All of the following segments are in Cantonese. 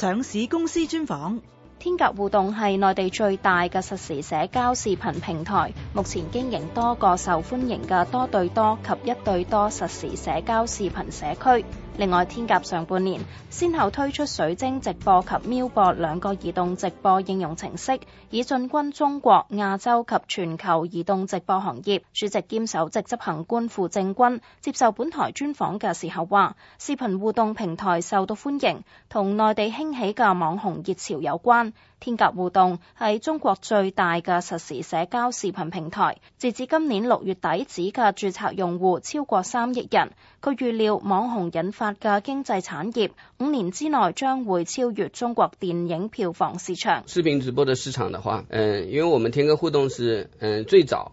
上市公司專訪《天鴿互動》係內地最大嘅實時社交視頻平台，目前經營多個受歡迎嘅多對多及一對多實時社交視頻社區。另外，天鴿上半年，先後推出水晶直播及喵播兩個移動直播應用程式，以進軍中國、亞洲及全球移動直播行業。主席兼首席執行官傅政軍接受本台專訪嘅時候話，視頻互動平台受到歡迎，同內地興起嘅網紅熱潮有關。天鴿互動係中國最大嘅實時社交視頻平台，截至今年六月底止嘅註冊用戶超過三億人。佢預料網紅引發嘅經濟產業，五年之內將會超越中國電影票房市場。視頻直播嘅市場嘅話，嗯、呃，因為我們天鴿互動是嗯、呃、最早。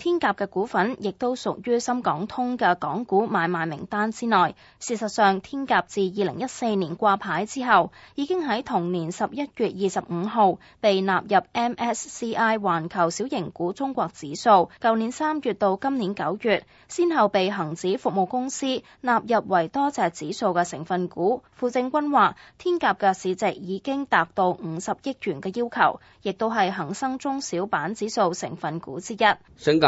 天鴿嘅股份亦都屬於深港通嘅港股買賣名單之內。事實上，天鴿自二零一四年掛牌之後，已經喺同年十一月二十五號被納入 MSCI 環球小型股中國指數。舊年三月到今年九月，先後被恒指服務公司納入為多隻指數嘅成分股。傅政軍話：天鴿嘅市值已經達到五十億元嘅要求，亦都係恒生中小板指數成分股之一。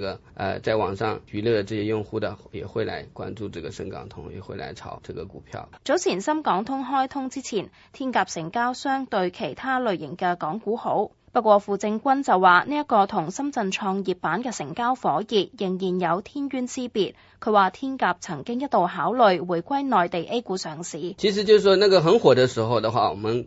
這個呃，在網上娛樂的這些用戶的也會來關注這個深港通，也會來炒這個股票。早前深港通開通之前，天鴿成交相對其他類型嘅港股好。不過傅政軍就話，呢、這、一個同深圳創業板嘅成交火熱，仍然有天淵之別。佢話天鴿曾經一度考慮回歸內地 A 股上市。其實就是說，那個很火的時候的話，我們。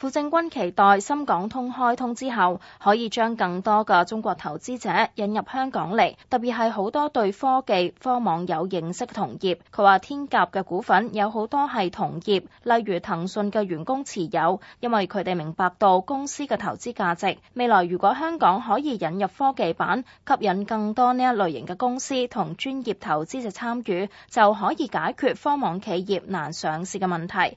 傅政軍期待深港通開通之後，可以將更多嘅中國投資者引入香港嚟，特別係好多對科技科網有認識嘅同業。佢話天鴿嘅股份有好多係同業，例如騰訊嘅員工持有，因為佢哋明白到公司嘅投資價值。未來如果香港可以引入科技板，吸引更多呢一類型嘅公司同專業投資者參與，就可以解決科網企業難上市嘅問題。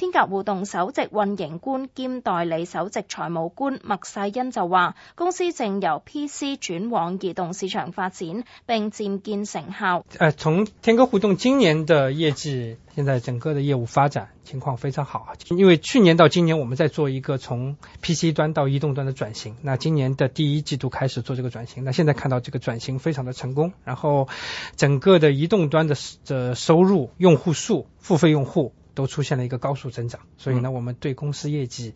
天格互動首席運營官兼代理首席財務官麥世恩就話：公司正由 PC 轉往移動市場發展，並漸見成效。呃、從天鴿互動今年的業績，現在整個的業務發展情況非常好，因為去年到今年，我們在做一個從 PC 端到移動端的轉型。那今年的第一季度開始做這個轉型，那現在看到這個轉型非常的成功。然後整個的移動端的、呃、收入、用戶數、付費用戶都出現了一個高速增長，所以呢，我們對公司業績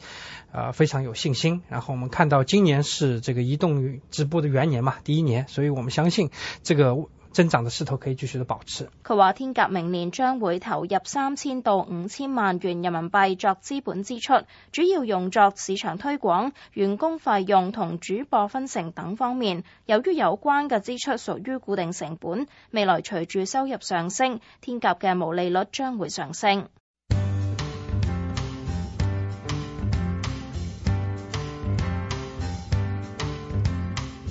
啊，呃，非常有信心。然後我們看到今年是這個移動直播的元年嘛，第一年，所以我們相信這個增長的勢頭可以繼續的保持。佢話天鴿明年將會投入三千到五千萬元人民幣作資本支出，主要用作市場推廣、員工費用同主播分成等方面。由於有關嘅支出屬於固定成本，未來隨住收入上升，天鴿嘅毛利率將會上升。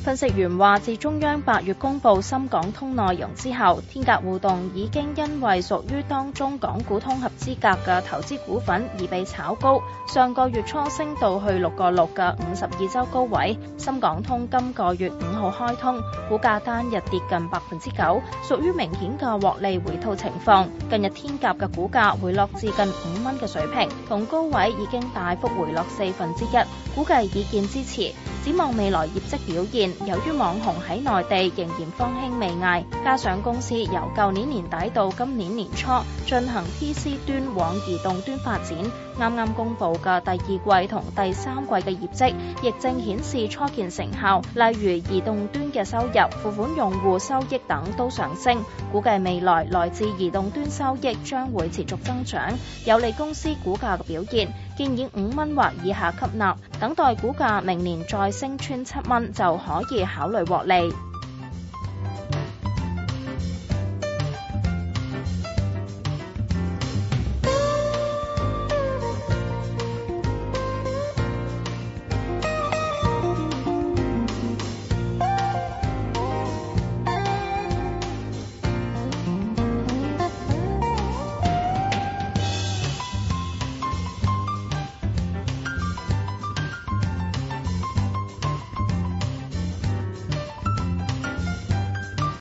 分析員話，自中央八月公布深港通內容之後，天鴿互動已經因為屬於當中港股通合資格嘅投資股份而被炒高，上個月初升到去六個六嘅五十二周高位。深港通今個月五號開通，股價單日跌近百分之九，屬於明顯嘅獲利回吐情況。近日天鴿嘅股價回落至近五蚊嘅水平，同高位已經大幅回落四分之一，估計已見支持。展望未來業績表現，由於網紅喺內地仍然方興未艾，加上公司由舊年年底到今年年初進行 PC 端往移動端發展，啱啱公佈嘅第二季同第三季嘅業績，亦正顯示初見成效。例如移動端嘅收入，付款用戶收益等都上升，估計未來來自移動端收益將會持續增長，有利公司股價嘅表現。建議五蚊或以下吸納，等待股價明年再升穿七蚊就可以考慮獲利。